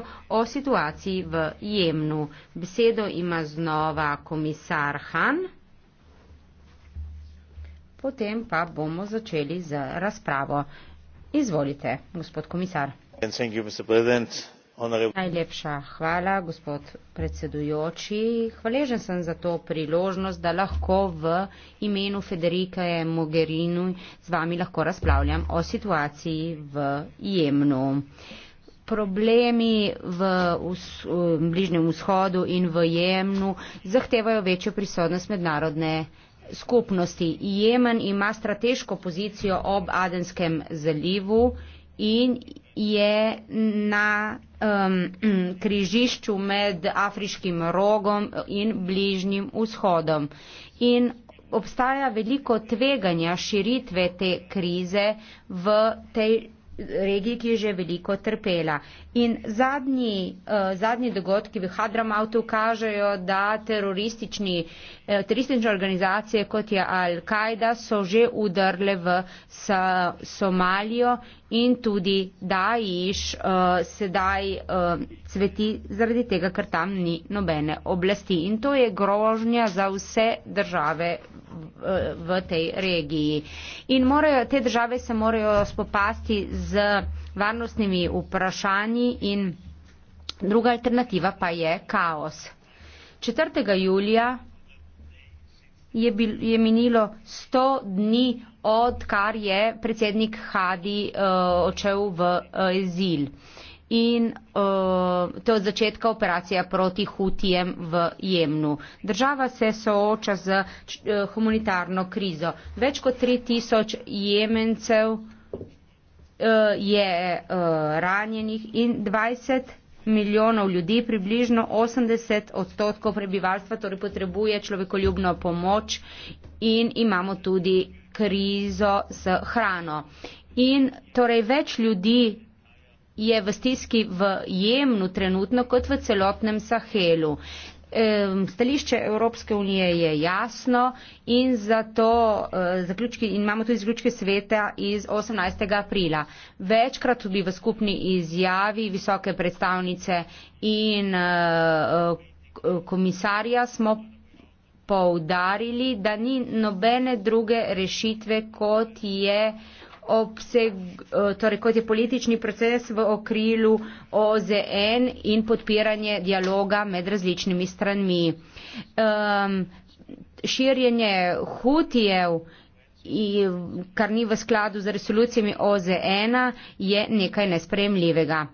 kratko o situaciji v Jemnu. Besedo ima znova komisar Han. Potem pa bomo začeli z razpravo. Izvolite, gospod komisar. Najlepša hvala, gospod predsedujoči. Hvaležen sem za to priložnost, da lahko v imenu Federike Mogherini z vami lahko razpravljam o situaciji v Jemnu. Uh, problemi v, v, v Bližnjem vzhodu in v Jemnu zahtevajo večjo prisotnost mednarodne skupnosti. Jemen ima strateško pozicijo ob Adenskem zalivu in je na um, križišču med afriškim rogom in bližnjim vzhodom. In obstaja veliko tveganja širitve te krize v tej regiji, ki je že veliko trpela. In zadnji, uh, zadnji dogodki v Hadramautu kažejo, da teroristični, uh, teroristične organizacije kot je Al-Kaida so že udrle v sa Somalijo in tudi Daiš uh, eh, sedaj uh, cveti zaradi tega, ker tam ni nobene oblasti. In to je grožnja za vse države v tej regiji. In morajo, te države se morajo spopasti z varnostnimi vprašanji in druga alternativa pa je kaos. 4. julija je, bil, je minilo 100 dni, odkar je predsednik Hadi uh, eh, očel v uh, eh, Zil. Uh, in uh, to je začetka operacije proti Hutijem v Jemnu. Država se sooča z uh, humanitarno krizo. Več kot 3000 jemencev uh, je uh, ranjenih in 20 milijonov ljudi, približno 80 odstotkov prebivalstva, torej potrebuje človekoljubno pomoč in imamo tudi krizo s hrano. In torej več ljudi je v stiski v Jemnu trenutno kot v celotnem Sahelu. Stališče Evropske unije je jasno in zato e, zaključki, in imamo tudi zaključke sveta iz 18. aprila. Večkrat tudi v skupni izjavi visoke predstavnice in e, e, komisarja smo poudarili, da ni nobene druge rešitve, kot je obseg, eh, torej kot je politični proces v okrilu OZN in podpiranje dialoga med različnimi stranmi. Um, širjenje hutijev, kar ni v skladu z resolucijami OZN, je nekaj nespremljivega.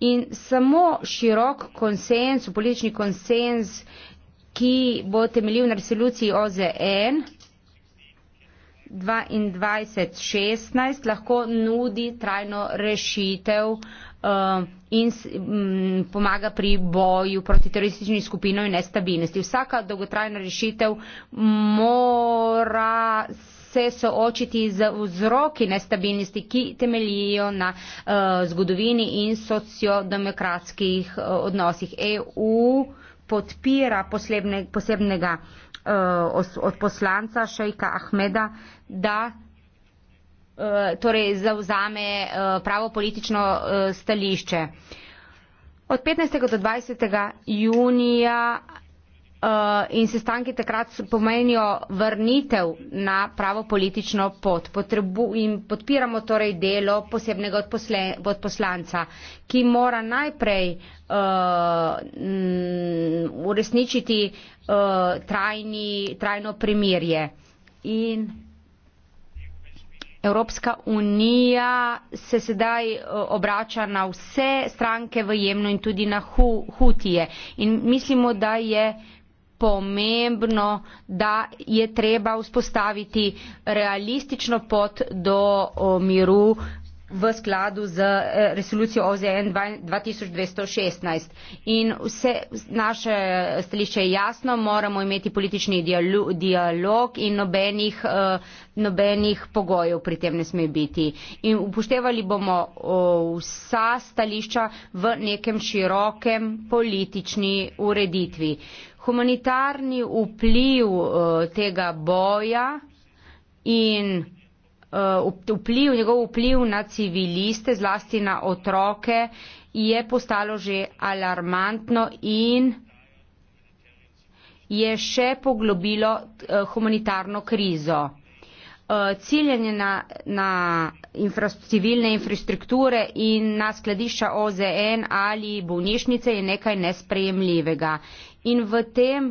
In samo širok konsens, politični konsens, ki bo temeljil na resoluciji OZN, dvaindvajset šestnajst lahko nudi trajno rešitev eh, in mm, pomaga pri boju proti terorističnim skupinam in nestabilnosti. Vsaka dolgotrajna rešitev mora se soočiti z vzroki nestabilnosti, ki temeljijo na uh, zgodovini in sociodemokratskih uh, odnosih. EU uh, podpira posebne, posebnega uh, os, odposlanca Šejka Ahmeda, da uh, torej zauzame uh, eh, pravo politično uh, stališče. Od 15. do 20. junija uh, in sestanki takrat pomenijo vrnitev na pravo politično pot. Potrebu, in podpiramo torej delo posebnega odposlanca, ki mora najprej uh, eh, m, uresničiti uh, trajni, trajno primirje. In Evropska unija se sedaj obrača na vse stranke v Jemnu in tudi na hu, Hutije. In mislimo, da je uh, pomembno, da je treba vzpostaviti realistično pot do miru v skladu z eh, resolucijo OZN 2216. In vse naše stališče je jasno, moramo imeti politični dialog in nobenih, eh, nobenih pogojev pri tem ne sme biti. In upoštevali bomo vsa stališča v nekem širokem politični ureditvi humanitarni vpliv eh, tega boja in eh, vpliv, njegov vpliv na civiliste, zlasti na otroke, je postalo že alarmantno in je še poglobilo eh, humanitarno krizo. Eh, ciljanje na, na infra, civilne infrastrukture in na skladišča OZN ali bolnišnice je nekaj nesprejemljivega. In v tem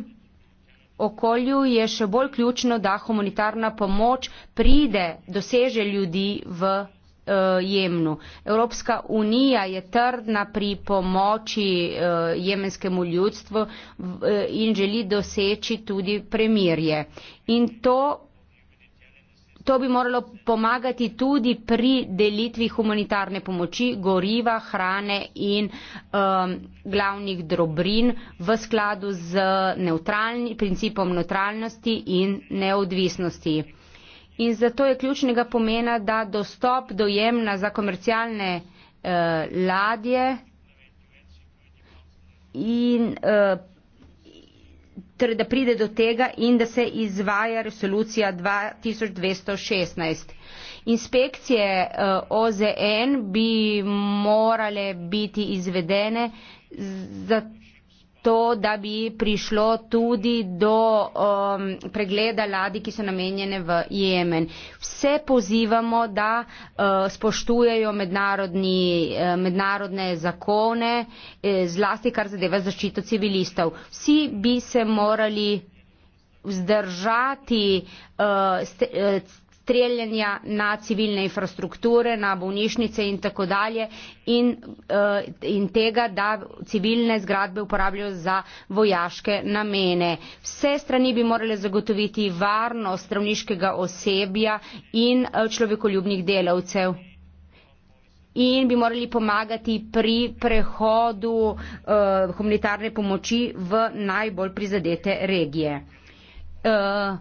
okolju je še bolj ključno, da humanitarna pomoč pride, doseže ljudi v uh, Jemnu. Evropska unija je trdna pri pomoči uh, jemenskemu ljudstvu v, uh, in želi doseči tudi premirje. In to to bi moralo pomagati tudi pri delitvi humanitarne pomoči, goriva, hrane in um, glavnih drobrin v skladu z neutralni, principom neutralnosti in neodvisnosti. In zato je ključnega pomena, da dostop do jemna za komercialne uh, ladje in uh, ter torej, da pride do tega in da se izvaja resolucija 2216. Inspekcije OZN bi morale biti izvedene, zato to, da bi prišlo tudi do um, pregleda ladi, ki so namenjene v Jemen. Vse pozivamo, da uh, spoštujejo mednarodni, uh, mednarodne zakone, eh, zlasti kar zadeva zaščito civilistov. Vsi bi se morali vzdržati uh, st, uh, streljanja na civilne infrastrukture, na bolnišnice in tako dalje in, eh, in tega, da civilne zgradbe uporabljajo za vojaške namene. Vse strani bi morale zagotoviti varnost zdravniškega osebja in eh, človekoljubnih delavcev in bi morali pomagati pri prehodu uh, humanitarne pomoči v najbolj prizadete regije. Uh,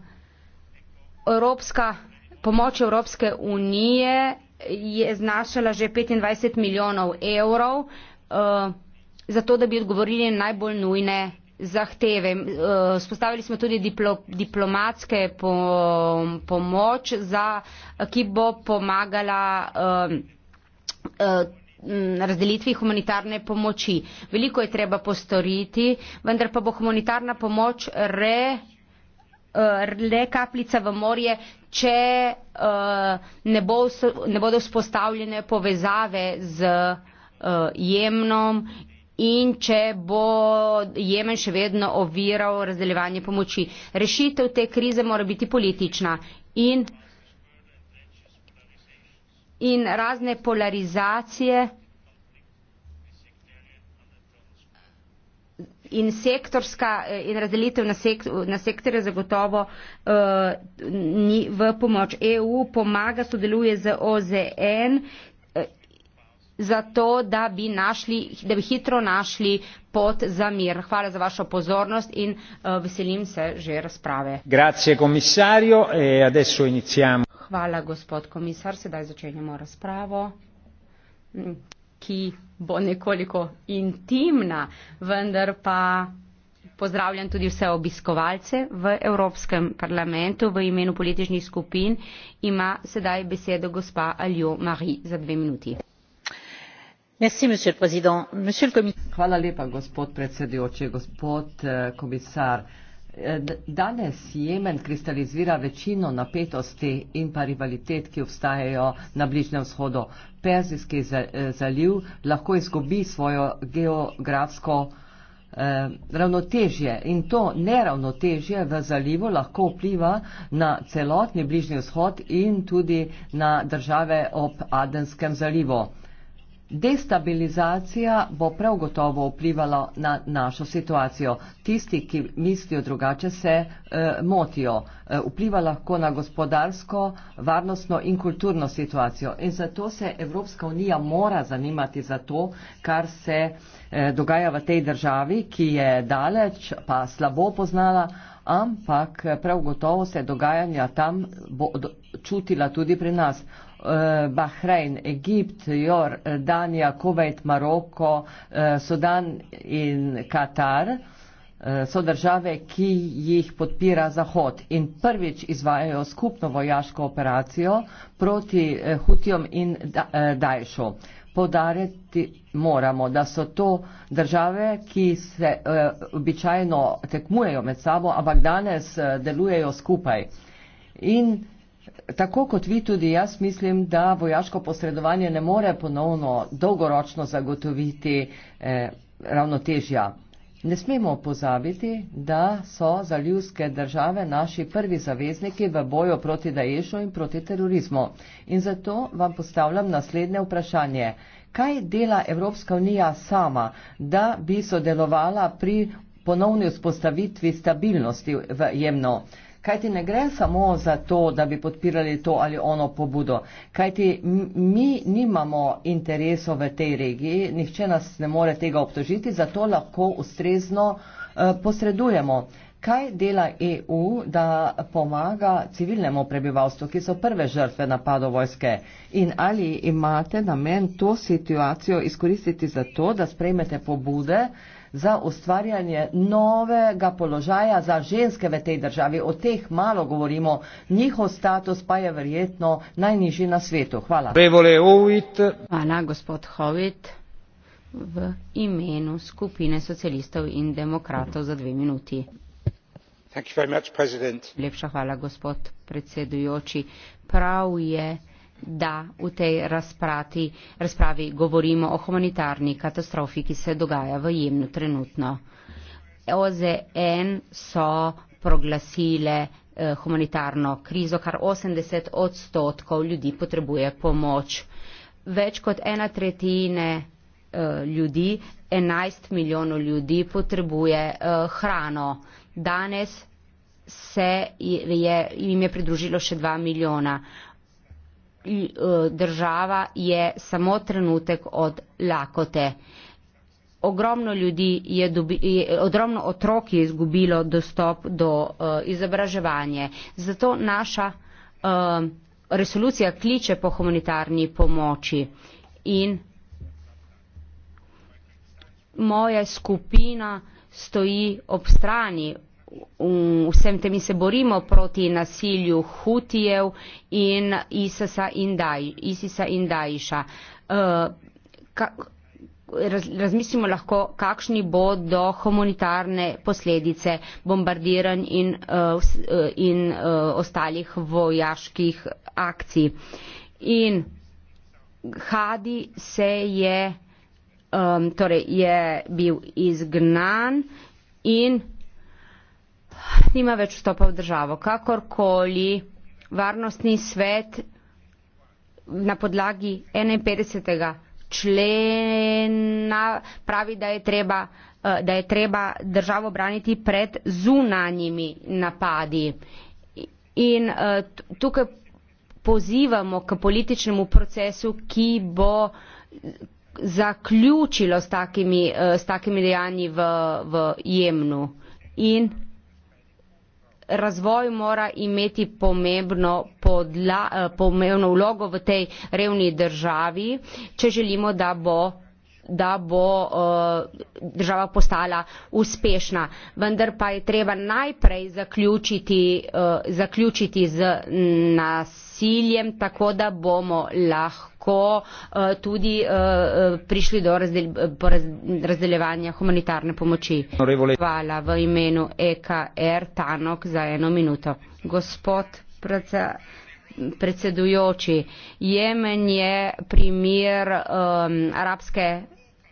Evropska pomoč Evropske unije je znašala že 25 milijonov evrov, eh, zato da bi odgovorili na najbolj nujne zahteve. Spostavili eh, smo tudi diplo, diplomatske pomoč, za, ki bo pomagala eh, razdelitvi humanitarne pomoči. Veliko je treba postoriti, vendar pa bo humanitarna pomoč re Eh, le kapljica v morje, če eh, ne, bo, ne bodo spostavljene povezave z eh, jemnom in če bo jemen še vedno oviral razdeljevanje pomoči. Rešitev te krize mora biti politična in, in razne polarizacije. in sektorska eh, in razdelitev na, sekt, na sektore zagotovo uh, ni v pomoč. EU pomaga, sodeluje z OZN eh, za to, da bi, našli, da bi hitro našli pot za mir. Hvala za vašo pozornost in uh, veselim se že razprave. Grazie, e Hvala, gospod komisar. Sedaj začenjamo razpravo. Mm ki bo nekoliko intimna, vendar pa pozdravljam tudi vse obiskovalce v Evropskem parlamentu v imenu političnih skupin. Ima sedaj besedo gospa Aljo Mari za dve minuti. Merci, Hvala lepa, gospod predsedujoči, gospod eh, komisar. Danes Jemen kristalizira večino napetosti in pa rivalitet, ki obstajajo na Bližnem vzhodu. Perzijski eh, zaliv lahko izgubi svojo geografsko eh, ravnotežje in to neravnotežje v zalivu lahko vpliva na celotni Bližnji vzhod in tudi na države ob Adenskem zalivu. Destabilizacija bo prav gotovo vplivala na našo situacijo. Tisti, ki mislijo drugače, se eh, motijo. Eh, vpliva lahko na gospodarsko, varnostno in kulturno situacijo. In zato se Evropska unija mora zanimati za to, kar se eh, dogaja v tej državi, ki je daleč pa slabo poznala, ampak eh, prav gotovo se dogajanja tam bo čutila tudi pri nas. Eh, Bahrein, Egipt, Jordanija, eh, Kuwait, Maroko, eh, Sudan in Katar so države, ki jih podpira Zahod in prvič izvajajo skupno vojaško operacijo proti Hutijom in Dajšu. Podariti moramo, da so to države, ki se običajno tekmujejo med sabo, ampak danes delujejo skupaj. In Tako kot vi tudi jaz mislim, da vojaško posredovanje ne more ponovno dolgoročno zagotoviti eh, ravnotežja. Ne smemo pozabiti, da so zaljivske države naši prvi zavezniki v boju proti Daješu in proti terorizmu. In zato vam postavljam naslednje vprašanje. Kaj dela Evropska unija sama, da bi sodelovala pri ponovni vzpostavitvi stabilnosti v Jemnu? kajti ne gre samo za to, da bi podpirali to ali ono pobudo, kajti mi nimamo interesov v tej regiji, nihče nas ne more tega obtožiti, zato lahko ustrezno eh, posredujemo. Kaj dela EU, da pomaga civilnemu prebivalstvu, ki so prve žrtve napadov vojske? In ali imate namen to situacijo izkoristiti za to, da sprejmete pobude? za ustvarjanje novega položaja za ženske v tej državi. O teh malo govorimo, njihov status pa je verjetno najnižji na svetu. Hvala. Hvala, gospod Hovit. V imenu skupine socialistov in demokratov za dve minuti. Much, Lepša hvala, gospod predsedujoči. Prav je, da v tej razprati, razpravi govorimo o humanitarni katastrofi, ki se dogaja v Jemnu trenutno. OZN so proglasile eh, humanitarno krizo, kar 80 odstotkov ljudi potrebuje pomoč. Več kot ena tretjine eh, ljudi, 11 milijonov ljudi potrebuje eh, hrano. Danes se je, je, jim je pridružilo še 2 milijona. E, država je samo trenutek od lakote. Ogromno ljudi je, dobi, je ogromno otrok je izgubilo dostop do uh, e, izobraževanja. Zato naša uh, resolucija kliče po humanitarni pomoči in moja skupina stoji ob strani vsem tem se borimo proti nasilju Hutijev in ISIS-a in, Daj, ISIS-a in Dajša. Uh, eh, ka, raz, razmislimo lahko, kakšni bodo humanitarne posledice bombardiranj in, uh, in uh, ostalih vojaških akcij. In Hadi se je, um, torej je bil izgnan in nima več vstopa v državo. Kakorkoli varnostni svet na podlagi 51. člena pravi, da je treba, eh, da je treba državo braniti pred zunanjimi napadi. In eh, tukaj pozivamo k političnemu procesu, ki bo zaključilo s takimi, eh, s takimi dejanji v, v Jemnu. In razvoj mora imeti pomembno, podla, eh, pomembno vlogo v tej revni državi, če želimo, da bo da bo eh, država postala uspešna. Vendar pa je treba najprej zaključiti, eh, zaključiti z nasiljem, tako da bomo lahko eh, tudi prišli do razdeljevanja humanitarne pomoči. Hvala v imenu EKR Tanok za eno minuto. Gospod predse, predsedujoči, Jemen je primer um, arabske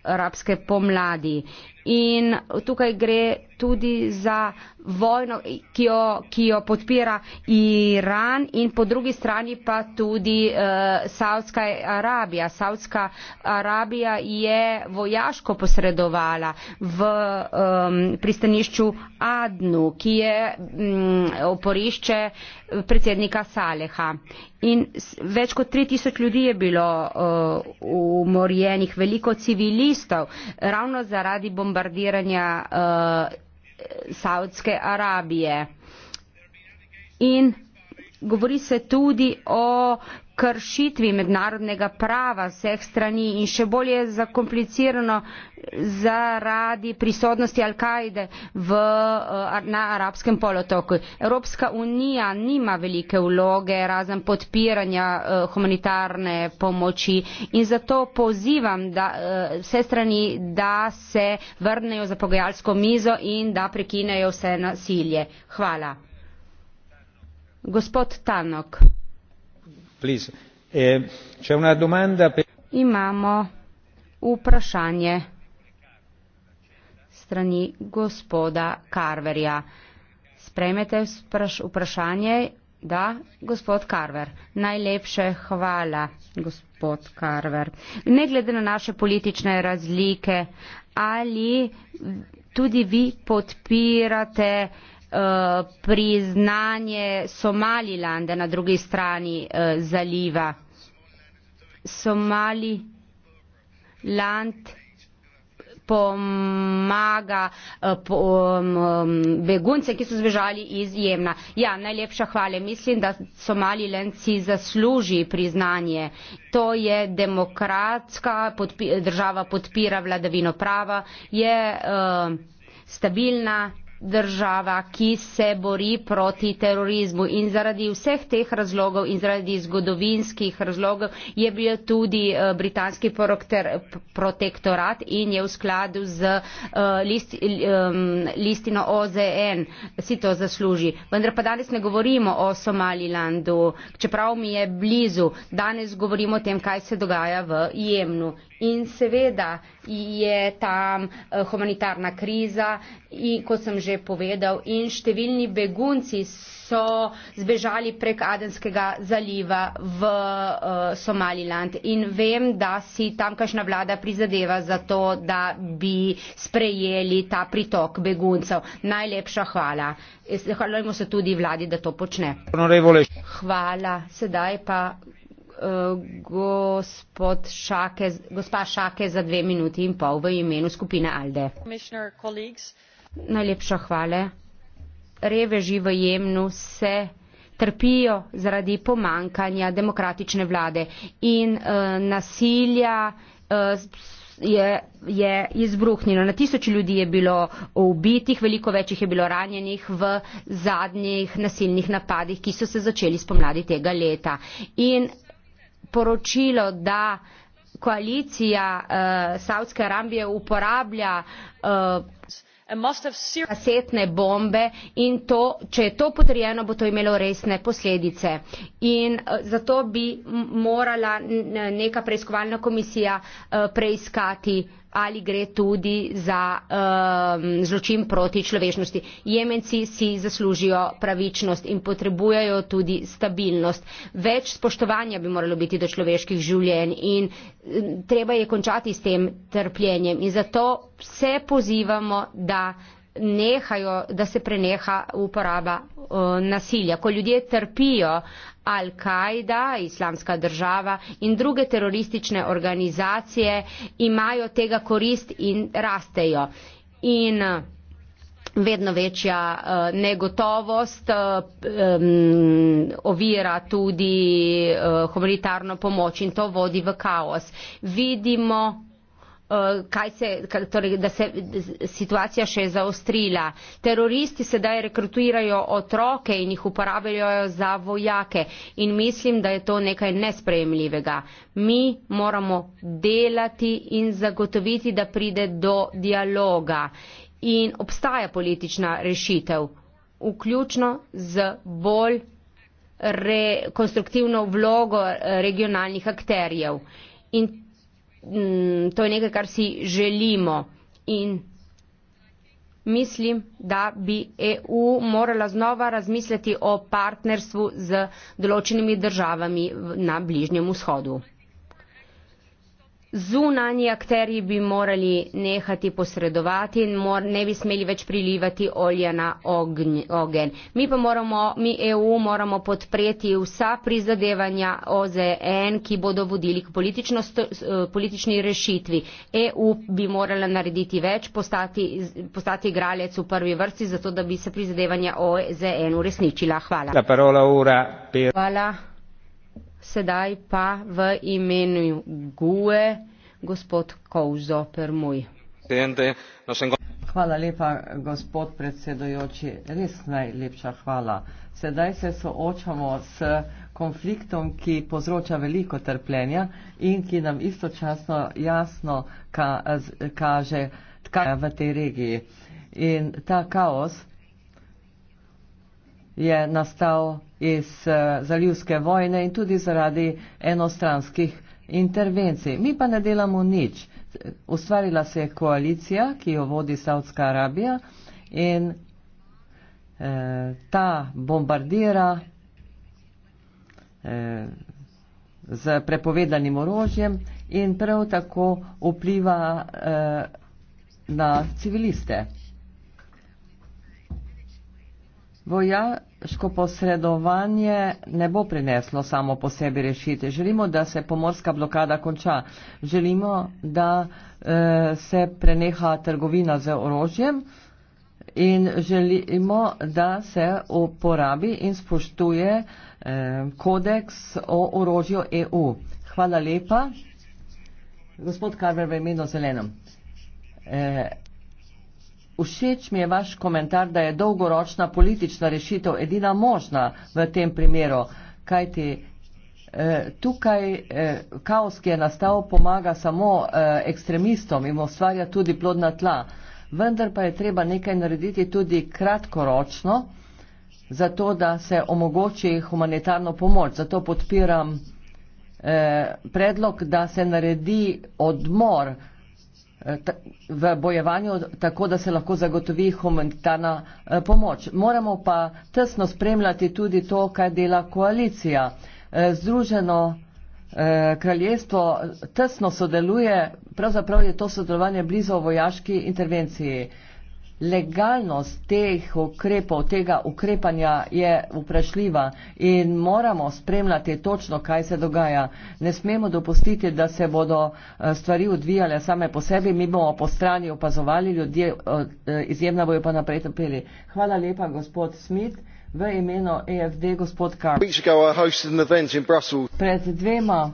arabske pomladi in tukaj gre tudi za vojno, ki jo, ki jo podpira Iran in po drugi strani pa tudi uh, eh, Saudska Arabija. Saudska Arabija je vojaško posredovala v um, pristanišču Adnu, ki je um, oporišče predsednika Saleha. In več kot 3000 ljudi je bilo uh, umorjenih, veliko civilistov, ravno zaradi bombardiranja bombardiranja uh, Saudske Arabije. In govori se tudi o kršitvi mednarodnega prava vseh strani in še bolje zakomplicirano zaradi prisotnosti Al-Kaide eh, na arabskem polotoku. Evropska unija nima velike vloge razen podpiranja eh, humanitarne pomoči in zato pozivam da, eh, vse strani, da se vrnejo za pogajalsko mizo in da prekinejo vse nasilje. Hvala. Gospod Tanok. E, imamo vprašanje strani gospoda Carverja. Sprejmete vprašanje? Da, gospod Carver. Najlepše hvala, gospod Carver. Ne glede na naše politične razlike, ali tudi vi podpirate Eh, priznanje Somalilanda na drugi strani eh, zaliva. Somaliland pomaga eh, um, um, begunce, ki so zbežali iz Jemna. Ja, najlepša hvala. Mislim, da Somalilandci zasluži priznanje. To je demokratska podpi, država, podpira vladavino prava, je uh, stabilna država, ki se bori proti terorizmu in zaradi vseh teh razlogov in zaradi zgodovinskih razlogov je bil tudi eh, britanski protektorat in je v skladu z eh, list, listino OZN si to zasluži. Vendar pa danes ne govorimo o Somalilandu, čeprav mi je blizu. Danes govorimo o tem, kaj se dogaja v Jemnu. In seveda je tam eh, humanitarna kriza in kot sem že povedal, in številni begunci so zbežali prek Adenskega zaliva v uh, Somaliland. In vem, da si tamkajšnja vlada prizadeva za to, da bi sprejeli ta pritok beguncev. Najlepša hvala. Eh, zahvaljujemo se tudi vladi, da to počne. Hvala. Sedaj pa gospod Šake, gospa Šake za dve minuti in pol v imenu skupine Alde. Najlepša hvala. Reveži v Jemnu se trpijo zaradi pomankanja demokratične vlade in uh, nasilja uh, je, je izbruhnilo. Na tisoči ljudi je bilo ubitih, veliko večjih je bilo ranjenih v zadnjih nasilnih napadih, ki so se začeli spomladi tega leta. In sporočilo, da koalicija uh, eh, Saudske Arabije uporablja uh, kasetne bombe in to, če je to potrjeno, bo to imelo resne posledice. In uh, zato bi morala neka preiskovalna komisija uh, preiskati uh, ali gre tudi za um, zločin proti človečnosti. Jemenci si zaslužijo pravičnost in potrebujejo tudi stabilnost. Več spoštovanja bi moralo biti do človeških življenj in um, treba je končati s tem trpljenjem. In zato vse pozivamo, da nehajo, da se preneha uporaba uh, nasilja. Ko ljudje trpijo Al-Kaida, islamska država in druge teroristične organizacije, imajo tega korist in rastejo. In eh, vedno večja uh, negotovost um, ovira tudi uh, humanitarno pomoč in to vodi v kaos. Vidimo Eh, kaj se, torej, da se situacija še je zaostrila. Teroristi sedaj rekrutirajo otroke in jih uporabljajo za vojake in mislim, da je to nekaj nesprejemljivega. Mi moramo delati in zagotoviti, da pride do dialoga in obstaja politična rešitev, vključno z bolj re, konstruktivno vlogo eh, regionalnih akterjev. In Mm, to je nekaj, kar si želimo. In mislim, da bi EU morala znova razmisliti o partnerstvu z določenimi državami na Bližnjem vzhodu zunanji akteri bi morali nehati posredovati in mor, ne bi smeli več prilivati olja na ognj, ogen. Mi pa moramo, mi EU moramo podpreti vsa prizadevanja OZN, ki bodo vodili k politično, politični rešitvi. EU bi morala narediti več, postati, postati igralec v prvi vrsti, zato da bi se prizadevanja OZN uresničila. Hvala. La parola ora per... Hvala sedaj pa v imenu Gue, gospod Kouzo Permuj. Hvala lepa, gospod predsedojoči. Res najlepša hvala. Sedaj se soočamo s konfliktom, ki povzroča veliko trpljenja in ki nam istočasno jasno ka kaže, kaj je v tej regiji. In ta kaos je nastal iz eh, zaljivske vojne in tudi zaradi enostranskih intervencij. Mi pa ne delamo nič. Ustvarila se je koalicija, ki jo vodi Saudska Arabija in eh, ta bombardira eh, z prepovedanim orožjem in prav tako vpliva eh, na civiliste. Vojaško posredovanje ne bo prineslo samo po sebi rešitev. Želimo, da se pomorska blokada konča. Želimo, da eh, se preneha trgovina z orožjem in želimo, da se uporabi in spoštuje eh, kodeks o orožju EU. Hvala lepa. Gospod Karver v imenu zelenem. Eh, Všeč mi je vaš komentar, da je dolgoročna politična rešitev edina možna v tem primeru, kajti eh, tukaj eh, kaos, ki je nastal, pomaga samo eh, ekstremistom in ustvarja tudi plodna tla. Vendar pa je treba nekaj narediti tudi kratkoročno, zato da se omogoči humanitarno pomoč. Zato podpiram eh, predlog, da se naredi odmor Eh, v bojevanju, tako da se lahko zagotovi humanitarna eh, pomoč. Moramo pa tesno spremljati tudi to, kaj dela koalicija. Eh, Združeno kraljestvo tesno sodeluje, pravzaprav je to sodelovanje blizu vojaški intervenciji legalnost teh ukrepov, tega ukrepanja je vprašljiva in moramo spremljati točno, kaj se dogaja. Ne smemo dopustiti, da se bodo eh, stvari odvijale same po sebi, mi bomo po strani opazovali ljudi, eh, izjemna bojo pa naprej trpeli. Hvala lepa, gospod Smit. V imenu AFD e gospod Karl. Pred dvema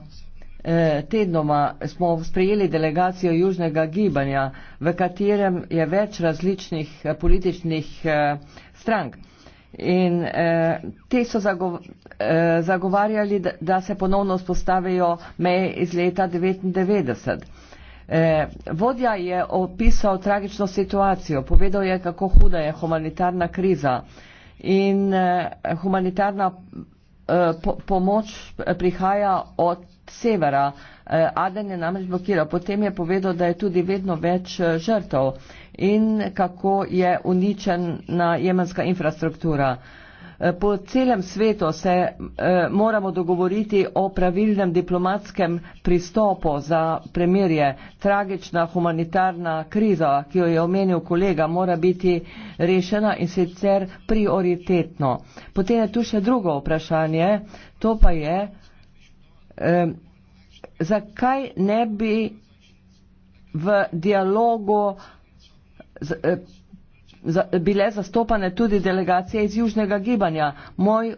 Eh, tednoma smo sprejeli delegacijo Južnega gibanja, v katerem je več različnih eh, političnih eh, strank. In eh, te so zagov eh, zagovarjali, da, da se ponovno spostavijo meje iz leta 1999. Eh, vodja je opisal tragično situacijo, povedal je, kako huda je humanitarna kriza in eh, humanitarna eh, po pomoč prihaja od severa. Eh, Aden je namreč blokiral. Potem je povedal, da je tudi vedno več eh, žrtev in kako je uničena jemenska infrastruktura. Eh, po celem svetu se moramo dogovoriti o pravilnem diplomatskem pristopu za premirje. Tragična humanitarna kriza, ki jo je omenil kolega, mora biti rešena in sicer prioritetno. Potem je tu še drugo vprašanje, to pa je, eh, zakaj ne bi v dialogu z, eh, za, bile zastopane tudi delegacije iz južnega gibanja. Moj eh,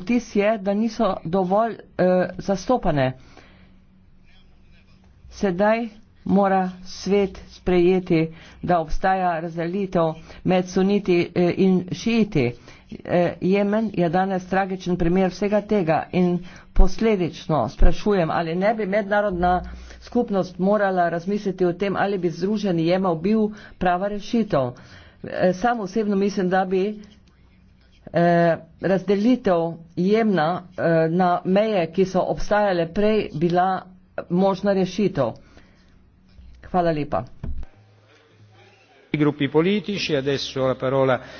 vtis je, da niso dovolj eh, zastopane. Sedaj mora svet sprejeti, da obstaja razdelitev med suniti eh, in šiiti. Eh, Jemen je danes tragičen primer vsega tega in posledično sprašujem, ali ne bi mednarodna skupnost morala razmisliti o tem, ali bi združeni jemal bil prava rešitev. E, sam osebno mislim, da bi e, razdelitev jemna e, na meje, ki so obstajale prej, bila možna rešitev. Hvala lepa.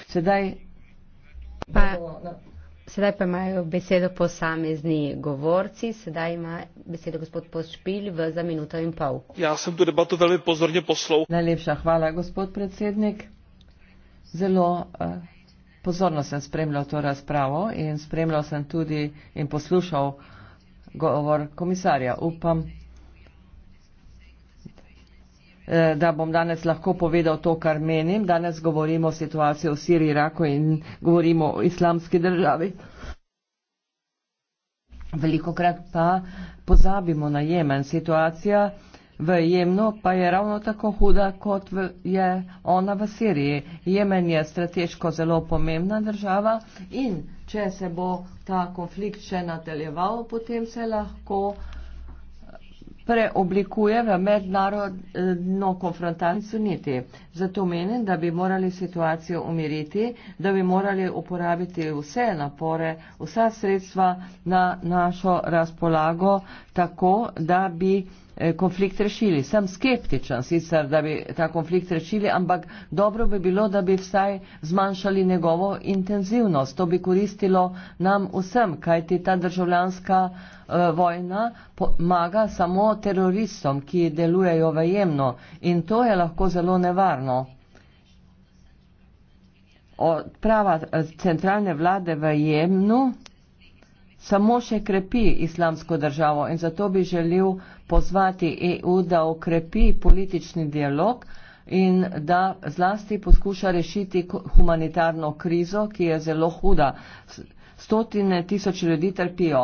Sedaj pa Sedaj pa imajo besedo posamezni govorci, sedaj ima besedo gospod Pošpil v za minuto in pol. Ja, sem tu debato veliko pozorne poslov. Najlepša hvala, gospod predsednik. Zelo eh, pozorno sem spremljal to razpravo in spremljal sem tudi in poslušal govor komisarja. Upam, Eh, da bom danes lahko povedal to, kar menim. Danes govorimo o situaciji v Siriji, Iraku in govorimo o islamski državi. Veliko krat pa pozabimo na Jemen. Situacija v Jemnu pa je ravno tako huda, kot je ona v Siriji. Jemen je strateško zelo pomembna država in če se bo ta konflikt še nadaljeval, potem se lahko uh, preoblikuje v mednarodno konfrontacijo niti. Zato menim, da bi morali situacijo umiriti, da bi morali uporabiti vse napore, vsa sredstva na našo razpolago, tako da bi Eh, konflikt rešili. Sem skeptičen sicer, da bi ta konflikt rešili, ampak dobro bi bilo, da bi vsaj zmanjšali njegovo intenzivnost. To bi koristilo nam vsem, kajti ta državljanska eh, vojna pomaga samo teroristom, ki delujejo vajemno in to je lahko zelo nevarno. Prava eh, centralne vlade v Jemnu samo še krepi islamsko državo in zato bi želel pozvati EU, da okrepi politični dialog in da zlasti poskuša rešiti humanitarno krizo, ki je zelo huda. Stotine tisoč ljudi trpijo.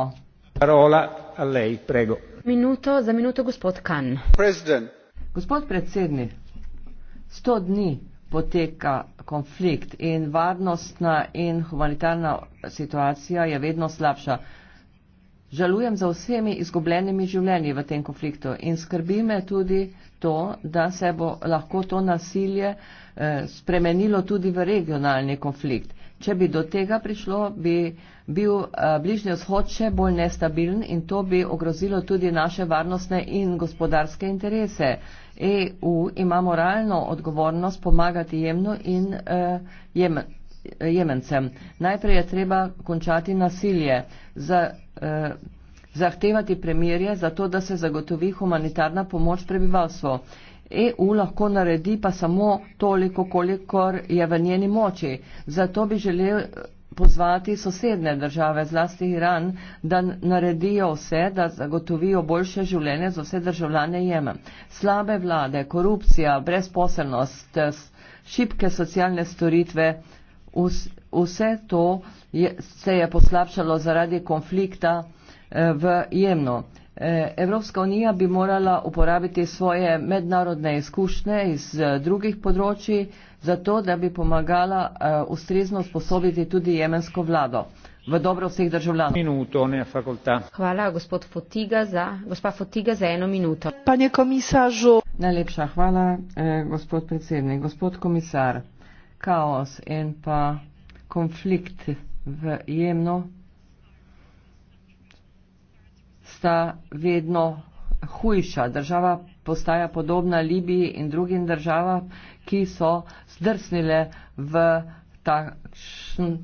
Parola a lei, prego. Minuto za minuto gospod Kan. Gospod predsednik, sto dni poteka konflikt in varnostna in humanitarna situacija je vedno slabša. Žalujem za vsemi izgubljenimi življenji v tem konfliktu in skrbi me tudi to, da se bo lahko to nasilje eh, spremenilo tudi v regionalni konflikt. Če bi do tega prišlo, bi bil eh, bližnji vzhod še bolj nestabilen in to bi ogrozilo tudi naše varnostne in gospodarske interese. EU ima moralno odgovornost pomagati jemnu in uh, jemen. Eh, Jemencem. Najprej je treba končati nasilje, za, eh, zahtevati premirje, zato da se zagotovi humanitarna pomoč prebivalstvu. EU lahko naredi pa samo toliko, kolikor je v njeni moči. Zato bi želel pozvati sosedne države, zlasti Iran, da naredijo vse, da zagotovijo boljše življenje za vse državljane Jemen. Slabe vlade, korupcija, brezposelnost, šibke socialne storitve, vse to je, se je poslabšalo zaradi konflikta eh, v Jemnu. Eh, Evropska unija bi morala uporabiti svoje mednarodne izkušnje iz eh, drugih področji, zato da bi pomagala eh, ustrezno sposobiti tudi jemensko vlado v dobro vseh državljanov. Minuto, ne, hvala, gospod Fotiga, za, gospa Fotiga, za eno minuto. Panje komisaržu. Najlepša hvala, eh, gospod predsednik. Gospod komisar, kaos in pa konflikt v jemno sta vedno hujša. Država postaja podobna Libiji in drugim državam, ki so zdrsnile v takšen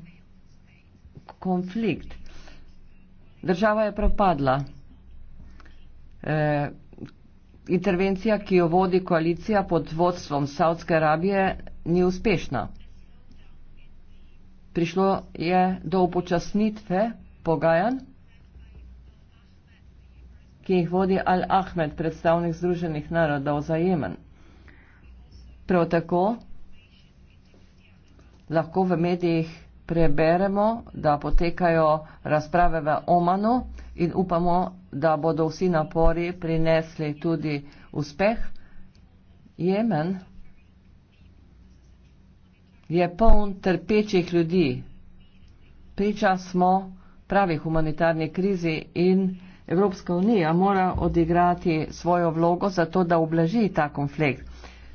konflikt. Država je propadla. E, intervencija, ki jo vodi koalicija pod vodstvom Saudske Arabije, ni uspešna. Prišlo je do upočasnitve pogajanj ki jih vodi Al-Ahmed, predstavnik Združenih narodov za Jemen. Prav tako lahko v medijih preberemo, da potekajo razprave v Omanu in upamo, da bodo vsi napori prinesli tudi uspeh. Jemen je poln trpečih ljudi. Priča smo pravi humanitarni krizi in Evropska unija mora odigrati svojo vlogo za to, da oblaži ta konflikt.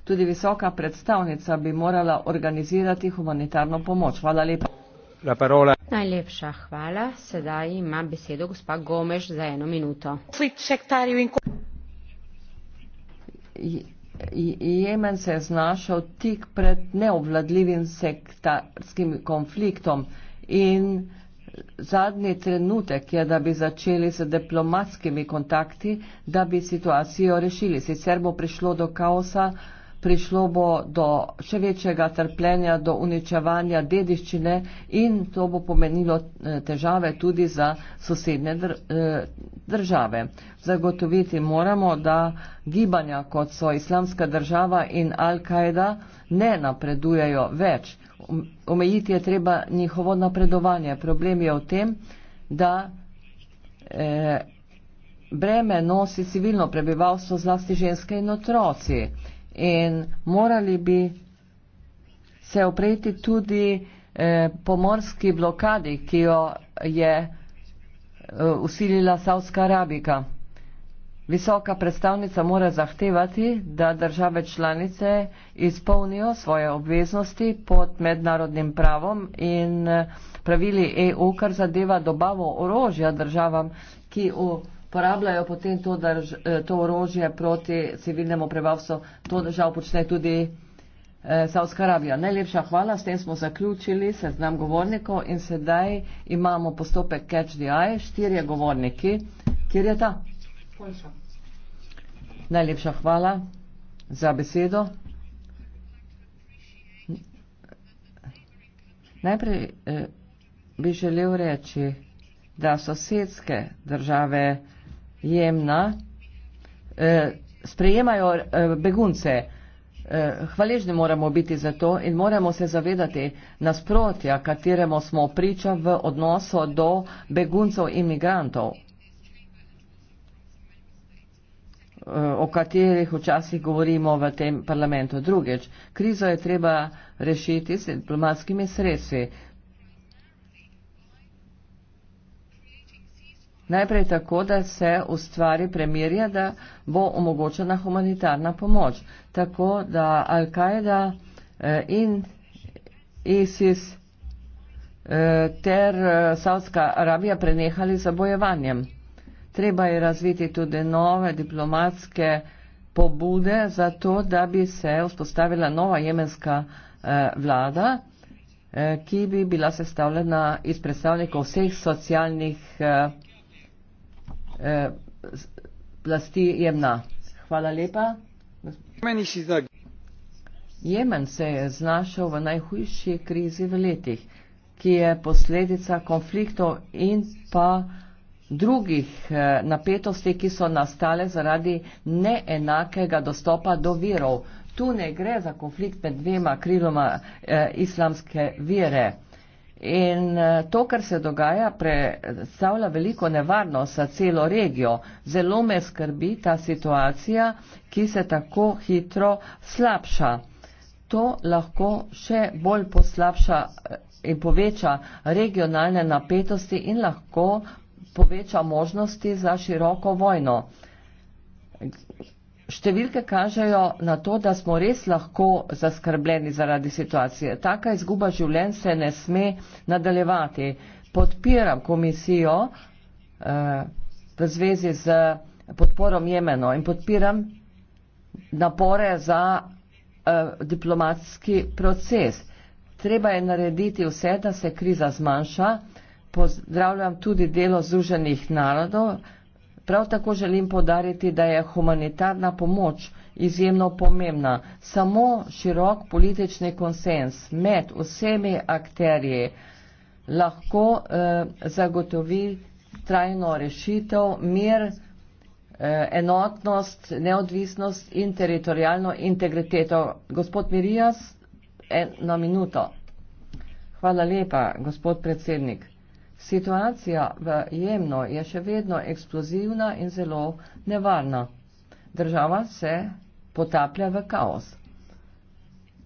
Tudi visoka predstavnica bi morala organizirati humanitarno pomoč. Hvala lepa. La Najlepša hvala. Sedaj ima besedo gospa Gomeš za eno minuto. Jemen se je znašel tik pred neobvladljivim sektarskim konfliktom in zadnji trenutek je, da bi začeli z diplomatskimi kontakti, da bi situacijo rešili. Sicer bo prišlo do kaosa, prišlo bo do še večjega trpljenja, do uničevanja dediščine in to bo pomenilo eh, težave tudi za sosednje eh, države. Zagotoviti moramo, da gibanja, kot so Islamska država in Al-Kaida, ne napredujejo več. Um, omejiti je treba njihovo napredovanje. Problem je v tem, da eh, breme nosi civilno prebivalstvo, zlasti ženske in otroci in morali bi se opreti tudi eh, pomorski blokadi, ki jo je eh, usilila Saudska Arabika. Visoka predstavnica mora zahtevati, da države članice izpolnijo svoje obveznosti pod mednarodnim pravom in eh, pravili EU, kar zadeva dobavo orožja državam, ki v uporabljajo potem to, drž, eh, to orožje proti civilnemu prebavstvu, to žal počne tudi eh, Saudska Arabija. Najlepša hvala, s tem smo zaključili seznam govornikov in sedaj imamo postopek Catch the Eye, štirje govorniki. Kjer je ta? Poljša. Najlepša hvala za besedo. Najprej eh, bi želel reči, da sosedske države eh, jemna, eh, sprejemajo eh, begunce. Eh, hvaležni moramo biti za to in moramo se zavedati nasprotja, kateremu smo priča v odnosu do beguncev in imigrantov, eh, o katerih včasih govorimo v tem parlamentu. Drugič, krizo je treba rešiti s diplomatskimi sredstvi. Najprej tako, da se ustvari premirje, da bo omogočena humanitarna pomoč. Tako da Al-Kaida eh, in ISIS eh, ter eh, Saudska Arabija prenehali za bojevanjem. Treba je razviti tudi nove diplomatske pobude za to, da bi se vzpostavila nova jemenska vlada ki bi bila sestavljena iz predstavnikov vseh socialnih eh, plasti eh, jemna. Hvala lepa. Jemen se je znašel v najhujši krizi v letih, ki je posledica konfliktov in pa drugih eh, napetosti, ki so nastale zaradi neenakega dostopa do virov. Tu ne gre za konflikt med dvema kriloma eh, islamske vire. In eh, to, kar se dogaja, predstavlja veliko nevarnost za celo regijo. Zelo me skrbi ta situacija, ki se tako hitro slabša. To lahko še bolj poslabša eh, in poveča regionalne napetosti in lahko poveča možnosti za široko vojno številke kažejo na to, da smo res lahko zaskrbljeni zaradi situacije. Taka izguba življenj se ne sme nadaljevati. Podpiram komisijo eh, v zvezi z podporom Jemeno in podpiram napore za eh, diplomatski proces. Treba je narediti vse, da se kriza zmanjša. Pozdravljam tudi delo Združenih narodov, Prav tako želim podariti, da je humanitarna pomoč izjemno pomembna. Samo širok politični konsens med vsemi akterji lahko eh, zagotovi trajno rešitev, mir, eh, enotnost, neodvisnost in teritorijalno integriteto. Gospod Mirijas, eno minuto. Hvala lepa, gospod predsednik. Situacija v Jemnu je še vedno eksplozivna in zelo nevarna. Država se potaplja v kaos.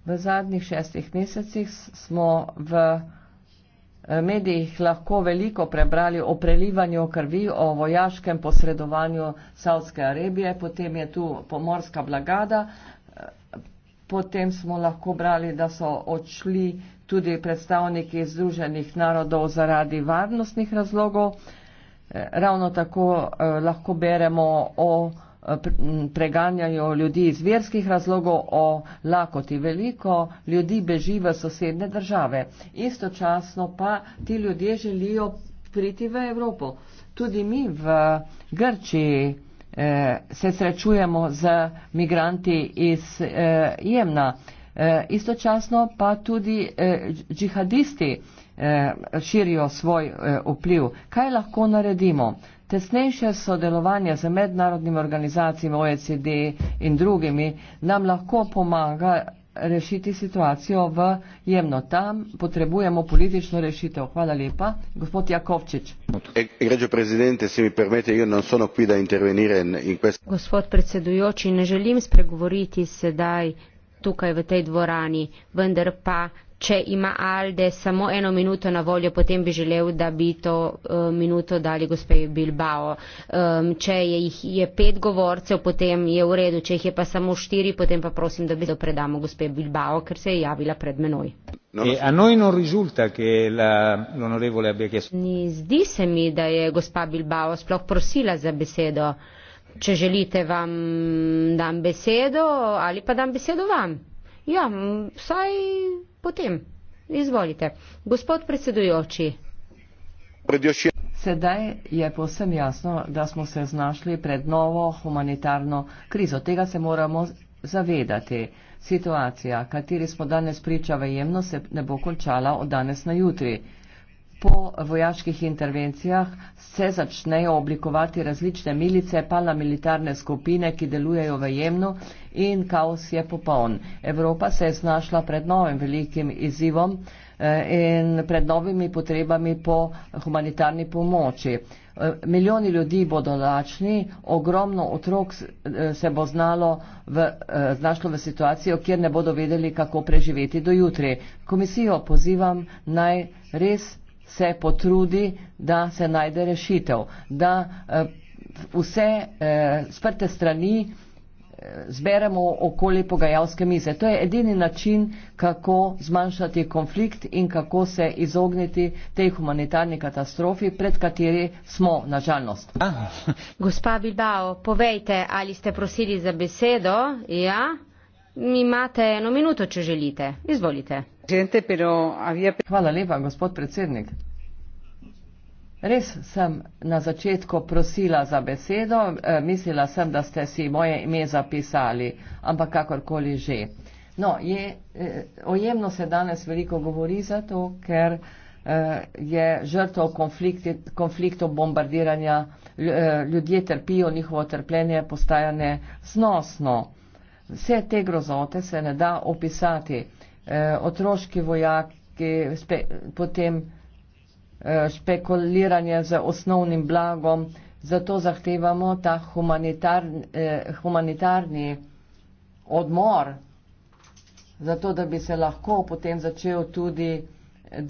V zadnjih šestih mesecih smo v eh, medijih lahko veliko prebrali o prelivanju krvi, o vojaškem posredovanju Saudske Arabije, potem je tu pomorska blagada, eh, Potem smo lahko brali, da so odšli tudi predstavniki Združenih narodov zaradi varnostnih razlogov. Eh, ravno tako eh, lahko beremo o eh, preganjanju ljudi iz verskih razlogov, o lakoti. Veliko ljudi beži v sosedne države. Istočasno pa ti ljudje želijo priti v Evropo. Tudi mi v Grčiji. Eh, se srečujemo z migranti iz eh, Jemna. Eh, istočasno pa tudi džihadisti širijo svoj vpliv. Kaj lahko naredimo? Tesnejše sodelovanje z mednarodnimi organizacijami OECD in drugimi nam lahko pomaga rešiti situacijo v jemno. Tam potrebujemo politično rešitev. Hvala lepa. Gospod Jakovčič. E, Gospod predsedujoči, ne želim spregovoriti sedaj tukaj v tej dvorani, vendar pa Če ima Alde samo eno minuto na voljo, potem bi želel, da bi to uh, minuto dali gospej Bilbao. Um, če je, jih, je pet govorcev, potem je v redu. Če jih je pa samo štiri, potem pa prosim, da bi to predamo gospej Bilbao, ker se je javila pred menoj. No, e, no. Ni, zdi se mi, da je gospa Bilbao sploh prosila za besedo. Če želite, vam dam besedo ali pa dam besedo vam. Ja, vsaj potem. Izvolite. Gospod predsedujoči. Sedaj je posem jasno, da smo se znašli pred novo humanitarno krizo. Tega se moramo zavedati. Situacija, kateri smo danes priča v jemno, se ne bo končala od danes na jutri po vojaških intervencijah se začnejo oblikovati različne milice, paramilitarne skupine, ki delujejo v Jemnu in kaos je popoln. Evropa se je znašla pred novim velikim izzivom eh, in pred novimi potrebami po humanitarni pomoči. Eh, milijoni ljudi bodo lačni, ogromno otrok eh, se bo znalo v, znašlo v situacijo, kjer ne bodo vedeli, kako preživeti do jutri. Komisijo pozivam naj res se potrudi, da se najde rešitev, da eh, vse eh, sprte strani eh, zberemo okoli pogajalske mize. To je edini način, kako zmanjšati konflikt in kako se izogniti tej humanitarni katastrofi, pred kateri smo, nažalost. Gospa Bilbao, povejte, ali ste prosili za besedo? Ja. Imate eno minuto, če želite. Izvolite. Hvala lepa, gospod predsednik. Res sem na začetku prosila za besedo. E, mislila sem, da ste si moje ime zapisali, ampak kakorkoli že. No, je, e, ojemno se danes veliko govori zato, ker e, je žrtov konfliktov bombardiranja. L, e, ljudje trpijo, njihovo trpljenje postaja neznosno. Vse te grozote se ne da opisati. E, otroški vojaki, spe, potem e, špekuliranje z osnovnim blagom, zato zahtevamo ta humanitar, e, humanitarni odmor, zato da bi se lahko potem začel tudi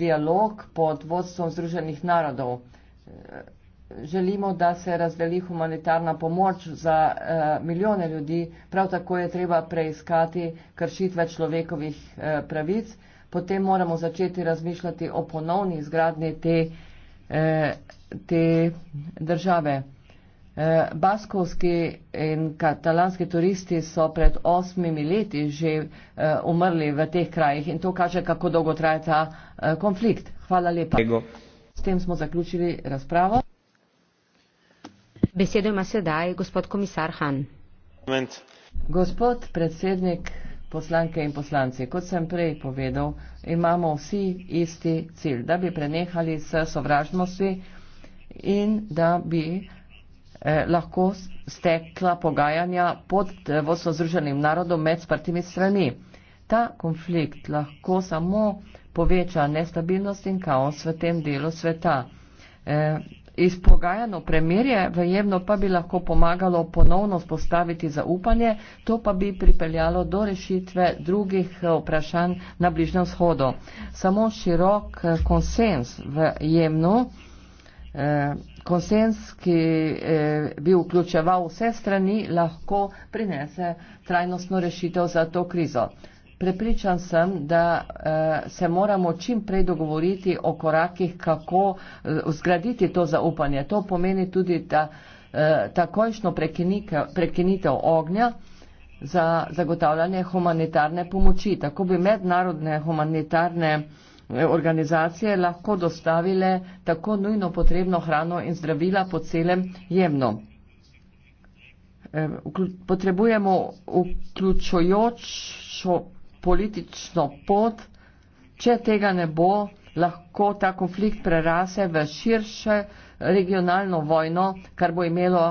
dialog pod vodstvom Združenih narodov. E, želimo, da se razdeli humanitarna pomoč za e, milijone ljudi, prav tako je treba preiskati kršitve človekovih e, pravic, potem moramo začeti razmišljati o ponovni izgradnji te, e, te države. E, baskovski in katalanski turisti so pred osmimi leti že e, umrli v teh krajih in to kaže, kako dolgo traja ta e, konflikt. Hvala lepa. S tem smo zaključili razpravo. Besedo ima sedaj gospod komisar Han. Moment. Gospod predsednik, poslanke in poslanci, kot sem prej povedal, imamo vsi isti cilj, da bi prenehali s sovražnosti in da bi eh, lahko stekla pogajanja pod eh, vodstvo Združenim narodom med sprtimi strani. Ta konflikt lahko samo poveča nestabilnost in kaos v tem delu sveta. Eh, izpogajano premirje, vajemno pa bi lahko pomagalo ponovno spostaviti zaupanje, to pa bi pripeljalo do rešitve drugih eh, vprašanj na Bližnjem shodu. Samo širok eh, konsens v jemnu, eh, konsens, ki bi vključeval vse strani, lahko prinese trajnostno rešitev za to krizo. Prepričan sem, da eh, se moramo čim prej dogovoriti o korakih, kako eh, zgraditi to zaupanje. To pomeni tudi, da eh, takojšno prekinitev ognja za zagotavljanje humanitarne pomoči. Tako bi mednarodne humanitarne organizacije lahko dostavile tako nujno potrebno hrano in zdravila po celem jemnu. Potrebujemo vključujočo politično pot, če tega ne bo, lahko ta konflikt prerase v širše regionalno vojno, kar bo imelo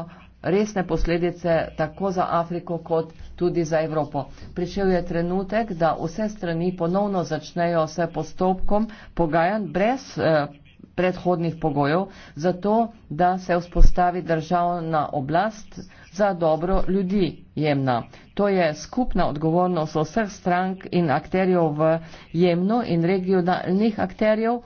resne posledice tako za Afriko kot tudi za Evropo. Prišel je trenutek, da vse strani ponovno začnejo se postopkom pogajanj brez eh, predhodnih pogojev, zato da se vzpostavi državna oblast, eh, za dobro ljudi jemna. To je skupna odgovornost vseh strank in akterjev v jemnu in regionalnih akterjev.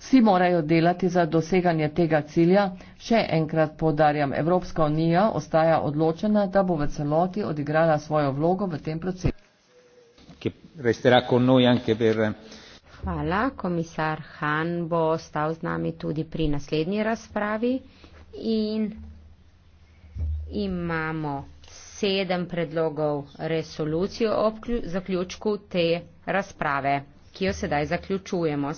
Vsi morajo delati za doseganje tega cilja. Še enkrat podarjam, Evropska unija ostaja odločena, da bo v celoti odigrala svojo vlogo v tem procesu. Hvala. Komisar Han bo ostal z nami tudi pri naslednji razpravi. In imamo sedem predlogov resolucije o zaključku te razprave, ki jo sedaj zaključujemo.